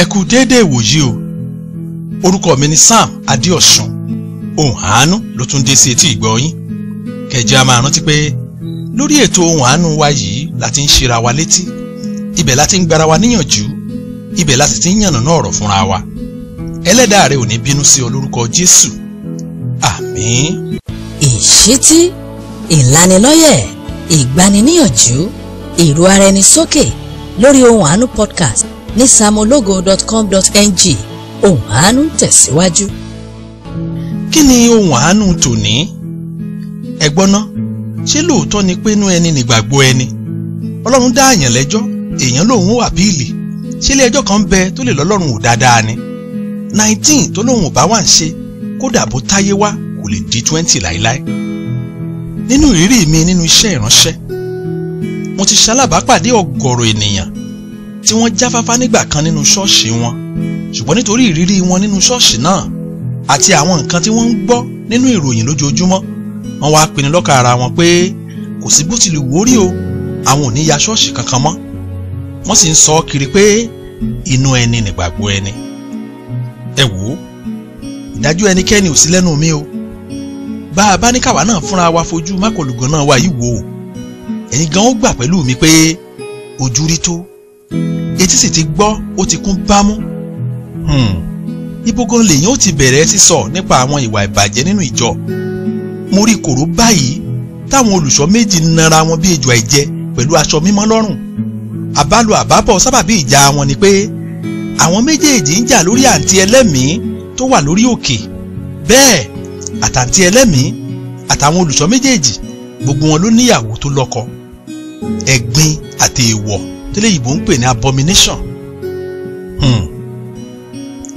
ẹ kú déédéé ìwòyí o orúkọ mi ni Sam Adéọ̀sùn ohùn àánú ló tún dé sí etí ìgbọ́ yín kẹjẹ a máa rántí pé lórí ètò ohùn àánú wa yìí la ti ń ṣera wa létí ibẹ̀ la ti ń gbara wa níyànjú ibẹ̀ la sì ti ń yànnàná ọ̀rọ̀ fúnra wa ẹlẹ́dàá rẹ ò ní bínú sí ọ Jésù àmín. ìṣítí ìlanilọ́yẹ̀ ìgbaniníyànjú ìró ara ẹni sókè lórí ohùn àánú podcast ní samologo.com.ng ohun àánú ń tẹ̀síwájú. kí ni ohun àánú tòní ẹ gbọ́ ṣé lóòótọ́ ni pé inú ẹni nìgbàgbọ́ ẹni ọlọ́run dá àyàn lẹ́jọ́ èèyàn lòun ó àpíìlì ṣé ilé ẹjọ́ kan bẹ tó lè lọ́lọ́run ò dáadáa ni nineteen tó lòun ò bá wà ń ṣe kódà bó táyé wá kò lè di twenty láéláé nínú ìrírí mi nínú iṣẹ́ ìránṣẹ́ mo ti ṣalábàápàdé ọ̀gọ̀rọ̀ ènìyàn tí wọ́n jáfáfá nígbà kan nínú ṣọ́ọ̀ṣì wọn ṣùgbọ́n nítorí ìrírí wọn nínú ṣọ́ọ̀ṣì náà àti àwọn nǹkan tí wọ́n ń gbọ́ nínú ìròyìn lójoojúmọ́ wọ́n wá pinnu lọ́kàn ara wọn pé kò sí bó tilẹ̀ wórí o àwọn ò ní ya ṣọ́ọ̀ṣì kankan mọ́ wọ́n sì ń sọ kiri pé inú ẹni nìgbàgbọ́ ẹni ẹ wò ó ìdájọ́ ẹnikẹ́ni ò sí lẹ́nu mi o bá a bá ní káwa náà fúnra wa fojú mákòlùgàn náà wà yìí wò ó ẹ̀yin gan ó gbà pẹ̀lú mi pé ojú rí tó etí sì ti gbọ́ ó ti kún bámú. Hmm. ibo gan lèyìn ó ti bẹ̀rẹ̀ sísọ nípa àwọn ìwà ìbàjẹ́ nínú ìjọ mo rí kòró báyìí táwọn olùṣọ́ méjì nara wọn bí ejò àìjẹ pẹ̀lú aṣọ mímọ́ lọ́rùn àbálò àbábọ̀ sábàbí ìjà wọn ni pé àwọn méjèèjì ń jà lórí àǹtí ẹlẹ́mìí tó wà lórí òkè bẹ́ẹ̀ àtàǹtí ẹlẹ́mìí àtàwọn olùṣọ́ méjèèjì gbogbo wọn ló níyàwó tó lọ́kọ ẹ̀gbin àti èèwọ̀ tẹ́lẹ̀ ìbò ń pè ní abomination hmm.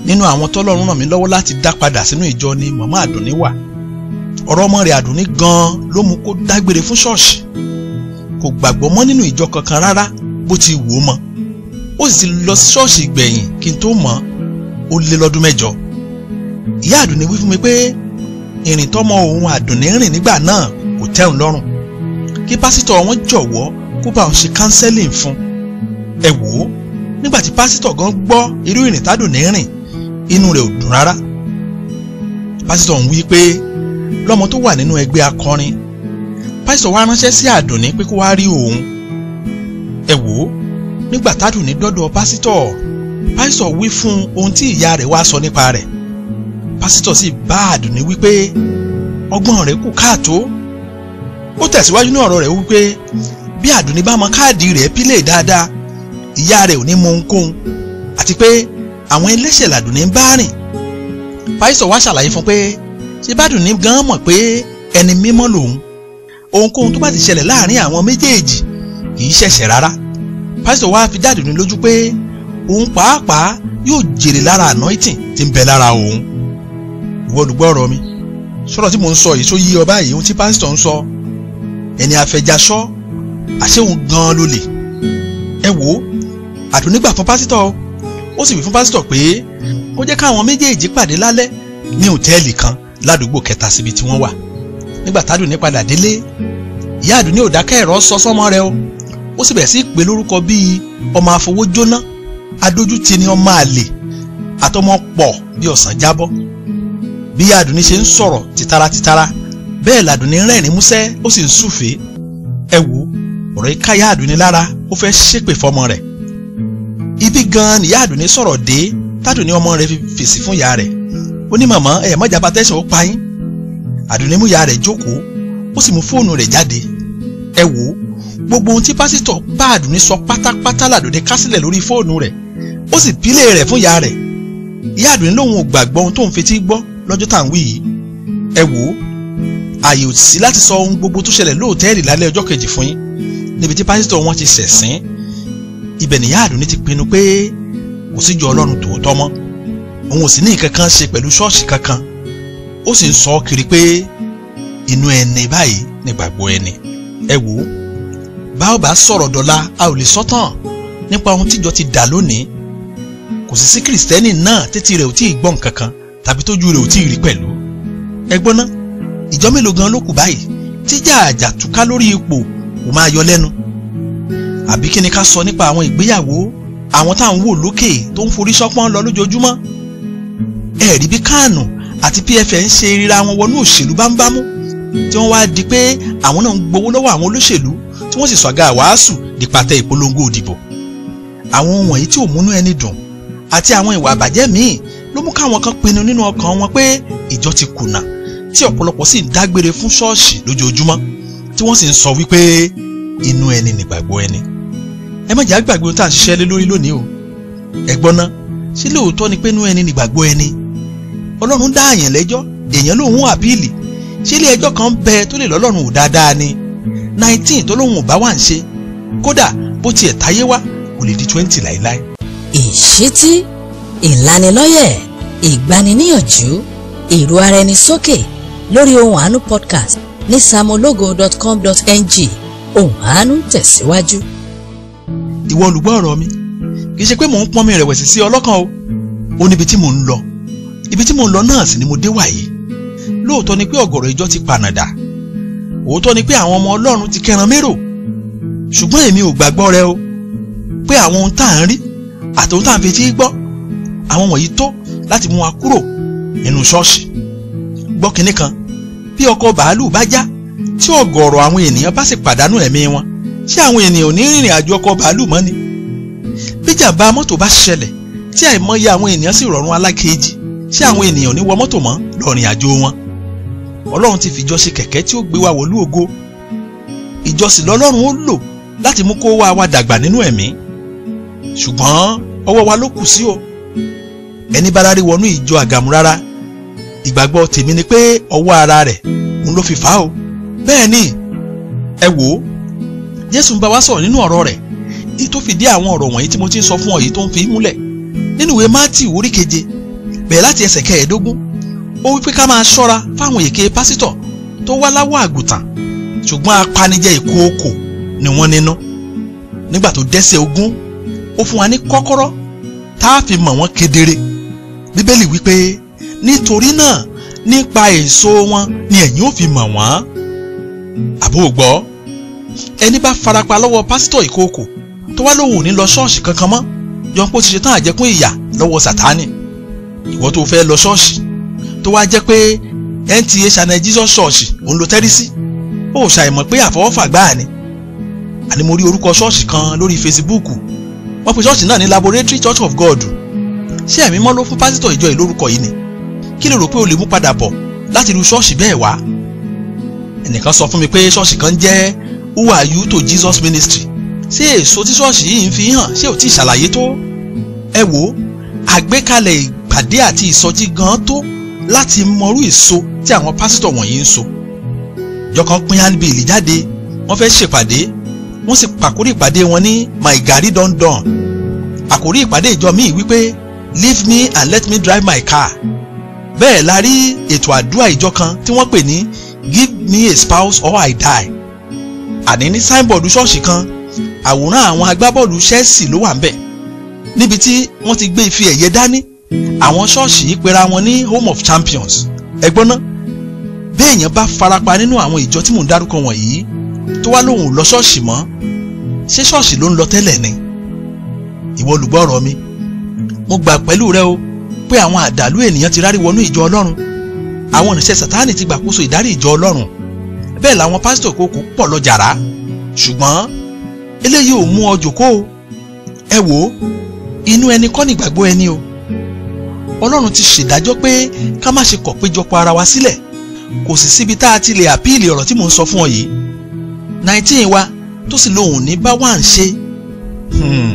nínú àwọn tọ́lọ́run ràn mí lọ́wọ́ láti dá padà sínú ìjọ ni màmá àdùnní wà ọ̀rọ̀ ọmọ rẹ̀ àdùnní gan-an ló mú kó dágbére fún ṣọ́ọ̀ṣì kò gbàgbọ́ mọ́ nínú ìjọ kankan rárá bó ti wò ó mọ́ ó sì lọ sí ṣọ́ọ̀ṣì gbẹ̀yìn kí n tó mọ̀ ó lé lọ́dún mẹ́jọ ìyá àdùnní wí fún mi pé ìrìn tọ́mọ òun àdùnní rìn nígbà náà kò tẹ́hùn lọ́rùn kí pásítọ̀ wọn jọ̀wọ́ kó bá òun ṣe counseling fún ẹ wò ó nígbà tí pásítọ̀ gan gbọ́ irú ìrìn tádùn ní rìn inú rẹ̀ ò dùn rárá pásítọ̀ ń wí pé lọ́mọ tó wà nínú ẹgbẹ́ akọrin pásítọ̀ wá ránṣẹ́ sí àdùnní pé kó wá rí òun ẹ wò ó nígbà dọ́dọ̀ fún ohun tí ìyá rẹ̀ wá sọ nípa rẹ̀ pásítọ̀ sì bá àdùnní wípé ọgbọ́n rẹ̀ kù káàtó ó tẹ̀síwájú ní ọ̀rọ̀ rẹ̀ wípé bí àdùnní bá mọ káàdì rẹ̀ dáadáa ìyá rẹ̀ ò ní mu ohunkóhun àti pé àwọn ẹlẹ́ṣẹ̀ làdùnní ń bá rìn pásítọ̀ wá ṣàlàyé fún pé ṣé bádùnní gan mọ̀ pé ẹni mímọ́ lòun ohunkóhun tó bá ti ṣẹlẹ̀ láàrin àwọn méjèèjì kì í ṣẹ̀ṣẹ̀ rárá pásítọ̀ wá fi dáàdùnní lójú pé òun pàápàá yóò jèrè lára anointing tí ń bẹ lára òun ìwọ olùgbọ́ ọ̀rọ̀ mi sọ̀rọ̀ tí mò ń sọ yìí sọ yí ọ báyìí ohun tí pásítọ̀ ń sọ ẹni afẹjasọ́ àṣẹ òun gan-an ló ẹ wò ó àdùnní gbà fún pásítọ̀ ó sì wí fún pásítọ̀ pé kó jẹ́ káwọn méjèèjì pàdé lálẹ́ ní òtẹ́ẹ̀lì kan ládùúgbò kẹta síbi tí wọ́n wà nígbà tádùnní padà délé ìyá àdùnní ò dákẹ́ ẹ̀rọ sọ sọ́mọ rẹ̀ o ó sì bẹ̀rẹ̀ sí pé lórúkọ bíi ọmọ àfọwójóná adójútini ọmọ àlè àtọmọ pọ̀ bí ọ̀sán jábọ́ bí ìyá àdùnní ṣe ń sọ̀rọ̀ tìtara tìtara bẹ́ẹ̀ làdùnní rẹ́rìn músẹ́ ó sì ń súfèé ẹ wò ọ̀rọ̀ ìkáyà àdùnní lára ó fẹ́ ṣépè fọmọ rẹ̀ ibi gan nìyá àdùnní sọ̀rọ̀ dé tádùnní ọmọ rẹ̀ fi fèsì fún ìyá rẹ̀ ó ní màmá ẹ̀ mọ́jà bá tẹ̀sán ó pa yín àdùnní mú ìyá rẹ̀ jókòó ó sì mú fóònù rẹ̀ jáde ẹ wò ó gbogbo ohun tí pásítọ̀ bá àdùnní sọ pátápátá làdùnní kásílẹ̀ lórí fóònù rẹ̀ ó sì pílẹ̀ rẹ̀ fún ìyá rẹ̀ ìyá àdùnní lòun ò gbàgbọ́ ohun tó ń fetí gbọ́ lọ́jọ́ tá à ń wí yìí ẹ wò ó àyè ò sí láti sọ ohun gbogbo tó ṣẹlẹ̀ lóòtẹ́ẹ̀lì lálẹ́ ọjọ́ kejì fún yín níbi tí pásítọ̀ wọn ti ṣẹ̀sìn ibẹ̀ nìyá àdùnní ti pinnu pé kò síjọ ọlọ́run tòótọ́ mọ́ òun ò sì ní nǹkan kan ṣe pẹ̀lú ṣọ́ọ̀ṣì kankan ó sì ń sọ ọ́ kiri pé inú ẹni báyìí nígbàgbọ́ ẹni ẹ wò ó bá sọ̀rọ̀ dọ́là a ò lè sọ́tàn nípa ohun tíjọ ti dà lónìí kò sì sí kìrìsìtẹ́nì náà tètè rẹ̀ ò tí ì gbọ́ nǹkan kan tàbí tójú rẹ̀ ò tí ì rí pẹ̀lú ẹ gbọ́n ná ìjọ mélòó gan ló kù báyìí tíjà àjà lórí ipò kò máa yọ lẹ́nu àbí kí ni ká sọ nípa àwọn ìgbéyàwó àwọn tá à ń wò lókè tó ń forí sọ́pọ́n lọ lójoojúmọ́ ẹ̀rí bí kánù àti pfn ṣe ríra wọn wọnú òṣèlú bámúbámú tí wọ́n wáá di pé àwọn náà ń gbowó lọ́wọ́ àwọn olóṣèlú tí wọ́n sì sọ̀gá wàásù di pàtẹ ìpolongo òdìbò àwọn ohun wọ̀nyí tí ò múnú ẹni dùn àti àwọn ìwà àbàjẹ́ míì ló mú káwọn kan pinnu nínú ọkàn wọn pé ìjọ ti kùnà tí ọ̀pọ̀lọpọ̀ sì ń dágbére fún ṣọ́ọ̀ṣì lójoojúmọ́ tí wọ́n sì ń sọ wípé inú ẹni nìgbàgbọ́ ẹni ẹ má jà gbàgbé tá à ń ṣiṣẹ́ lé lórí lónìí o ẹ̀gbọ́n ná sí lóòótọ́ ni pé inú ẹni nìgbàgbọ́ ẹni ọlọ́run dá àyàn lẹ́jọ́ èèyàn lòun àpíìlì ṣé ilé ẹjọ́ kan bẹ tó lè lọ́lọ́run ò dáadáa ni nineteen tó lóun ò bá wà ń ṣe kódà bó tiẹ̀ táyé wá kò lè di twenty láéláé. ìṣítí ìlanilọ́yẹ̀ ìgbaniníyànjú ìró ara ẹni sókè lórí ohun àánú podcast ní samologo.com.ng ohun àánú tẹ̀síwájú ìwọ olùgbọ́ ọ̀rọ̀ mi kì í ṣe pé mò ń pọnmi ìrẹ̀wẹ̀sì sí ọlọ́kàn o ó níbi tí mò ń lọ ibi tí mò ń lọ náà sì ni mo dé wàyí lóòótọ́ ni pé ọ̀gọ̀rọ̀ ìjọ ti pànàdà òótọ́ ni pé àwọn ọmọ ọlọ́run ti kẹran mérò ṣùgbọ́n èmi ò gbàgbọ́ rẹ o pé àwọn ohun tá à ń rí àti ohun tá à ń fetí gbọ́ àwọn wọ̀nyí tó láti mú wa kúrò nínú ṣọ́ọ̀ṣì gbọ́ kinní kan bí ọkọ̀ bàálù bá já tí ọ̀gọ̀rọ̀ àwọn ènìyàn bá sì pàdánù ẹ̀mí wọn ṣé àwọn ènìyàn ò ní rìnrìn àjò ọkọ̀ bàálù mọ́ ni bíjàmbá mọ́tò bá ṣẹlẹ̀ tí àìmọye àwọn ènìyàn sì rọrùn alákejì ṣé àwọn ènìyàn ò ní wọ mọ́tò mọ́ lọ́rìn àjò wọn ọlọ́run ti fìjọ ṣe kẹ̀kẹ́ tí ó gbé wa wọ̀lú ògo ìjọsìn lọ́lọ́run ó lò láti mú kó wá wa dàgbà nínú ẹ̀mí ṣùgbọ́n ọwọ́ wa ló kù sí o ẹni bá rárí wọnú ìjọ àgàmú rárá ìgbàgbọ́ tèmi ni pé ọwọ́ ara rẹ̀ òun ló fi fà á o bẹ́ẹ̀ ni ẹ wò ó jésù ń bá wa sọ̀rọ̀ nínú ọ̀rọ̀ rẹ̀ èyí tó fìdí àwọn ọ̀rọ̀ wọ̀nyí tí mo ti ń sọ fún ọ yìí tó ń fi múlẹ̀ nínú ìwé mátì orí keje bẹ̀rẹ̀ láti ẹsẹ̀ kẹẹ̀ẹ́dógún ó wí pé ká máa ṣọ́ra fáwọn èké pásítọ̀ tó wá láwọ̀ àgùntàn ṣùgbọ́n apanijẹ ìkookò ni wọ́n nínú nígbà tó dẹ́sẹ̀ ogún ó fún wa ní kọ́kọ́rọ́ tá a fi mọ̀ wọ́n kedere bíbélì wípé nítorí náà nípa èso wọn ni ẹ̀yin ò fi mọ̀ wọ́n àbúrò gbọ́ ẹni bá farapa lọ́wọ́ pásítọ̀ ìkookò tó wá lóhùn ní lọ ṣọ́ọ̀ṣì kankan mọ́ yọ̀ǹpọ̀ ti ṣetán àjẹkún ìyà lọ́wọ́ sàtánì ìwọ tó fẹ́ lọ ṣọ́ọ̀ṣì tó wá jẹ́ pé NTA Channel Jesus ṣọ́ọ̀ṣì òun ló tẹ́rí sí ó ṣàìmọ̀ pé àfọwọ́fà gbáà ni àní mo rí orúkọ ṣọ́ọ̀ṣì kan lórí Facebook wọ́n pe ṣọ́ọ̀ṣì náà ní Laboratory Church of God ṣé ẹ̀mí mọ́ ló fún pásítọ̀ ìjọ yìí lórúkọ yìí ni kí ló rò pé o lè mú padà bọ̀ láti irú ṣọ́ọ̀ṣì bẹ́ẹ̀ wá ẹnìkan sọ fún mi pé ṣọ́ọ̀ṣì kan jẹ́ who are you to Jesus ministry ṣé èso tí ṣọ́ọ̀ṣì yìí ń fi hàn ṣé ò tí ì ṣàlàyé tó ẹ wò ó àgbékalẹ̀ ìpàdé àti ìsọjí gan tó láti mọrú èso tí àwọn pásítọ̀ wọ̀nyí ń so jọkan pín handbill jáde wọ́n fẹ́ ṣèpàdé wọ́n sì pàkórí ìpàdé wọn ní my garri don don àkórí ìpàdé ìjọ míì wípé leave me and let me drive my car bẹ́ẹ̀ la rí ètò àdúrà ìjọ kan tí wọ́n pè ní give me a spouse or I die àní ní sáìnbọ̀dù ṣọ́ọ̀ṣì kan àwòrán àwọn agbábọ́ọ̀lù Chelsea ló wà ń bẹ̀ níbi tí wọ́n ti gbé ife ẹ̀yẹ dání àwọn ṣọ́ọ̀ṣì yìí pera wọn ní Home of Champions ẹgbọ́n náà béèyàn bá farapa nínú àwọn ìjọ tí mò ń dárúkọ wọ̀nyí tó wá lóhùn lọ ṣọ́ọ̀ṣì mọ́ ṣé ṣọ́ọ̀ṣì ló ń lọ tẹ́lẹ̀ ni ìwọ olùgbọ́ ọ̀rọ̀ mi mo gbà pẹ̀lú rẹ o pé àwọn àdàlú ènìyàn ti rárí wọnú ìjọ Ọlọ́run àwọn ìrìnsẹ̀ Sátánì ti gbàkóso ìdarí ìjọ Ọlọ́run bẹ́ẹ̀ làwọn pásítọ̀ kókó pọ̀ lọ jàrá ṣùgbọ́n eléyìí ò mú ọ jòkóo ẹ wò ó inú ẹni kọ́ nígbàgbọ́ ẹni o ọlọ́run ti ṣèdájọ́ pé ká má ṣe kọ̀ péjọpọ̀ ara wa sílẹ̀ kò sì síbi tá a ti lè àpíìlì ọ̀rọ̀ tí mò ń sọ fún ọ yìí nineteen wa tó sì lóhùn ní bá wà ń ṣe hmm.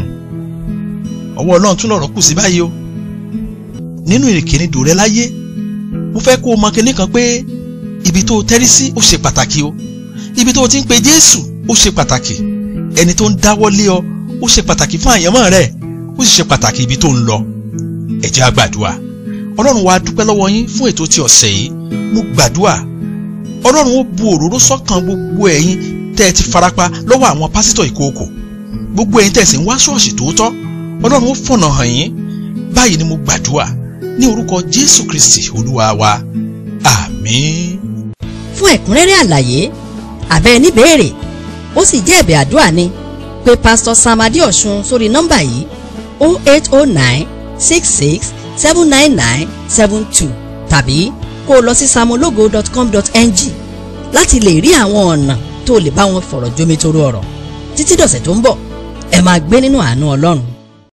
ọwọ́ ọlọ́run tún lọ̀rọ̀ kù sí báyìí o nínú ìrìnkèrindò rẹ láyé mo fẹ́ kó o mọ kinní kan pé ibi tó o tẹ́rí sí ó ṣe pàtàkì o ibi tó o ti ń pe Jésù ó ṣe pàtàkì ẹni tó ń dáwọ́ lé ọ ó ṣe pàtàkì fún àyànmọ́ rẹ ó sì ṣe pàtàkì ibi tó ń lọ ẹ jẹ́ á gbàdúrà ọlọ́run wa dúpẹ́ lọ́wọ́ yín fún ètò ti ọ̀sẹ̀ yìí mo gbàdúrà ọlọ́run ó bu òróró sọ́kàn gbogbo ẹ̀yin tẹ́ ẹ ti farapa lọ́wọ́ àwọn pásítọ̀ ìkookò gbogbo ẹ̀yin tẹ́ ẹ sì ń wá ṣọ́ọ̀ṣì tòótọ́ ọlọ́run ó fọ̀nà hàn yín báyìí ni mo gbàdúrà ní orúkọ jésù kristi olúwa wa àmín fún ẹ̀kúnrẹ́rẹ́ àlàyé àbẹ́ níbèrè ó sì jẹ́ ẹ̀bẹ̀ àdúrà ni pé pásítọ̀ Samadi Adéọ̀sùn sórí nọ́mbà yìí 0809 66 799 72 tàbí kó o lọ sí samologo.com.ng láti lè rí àwọn ọ̀nà tó lè bá wọn fọ̀rọ̀ jomitoro ọ̀rọ̀ títí dọ̀sẹ̀ tó ń bọ̀ ẹ máa gbé nínú àánú Ọlọ́run.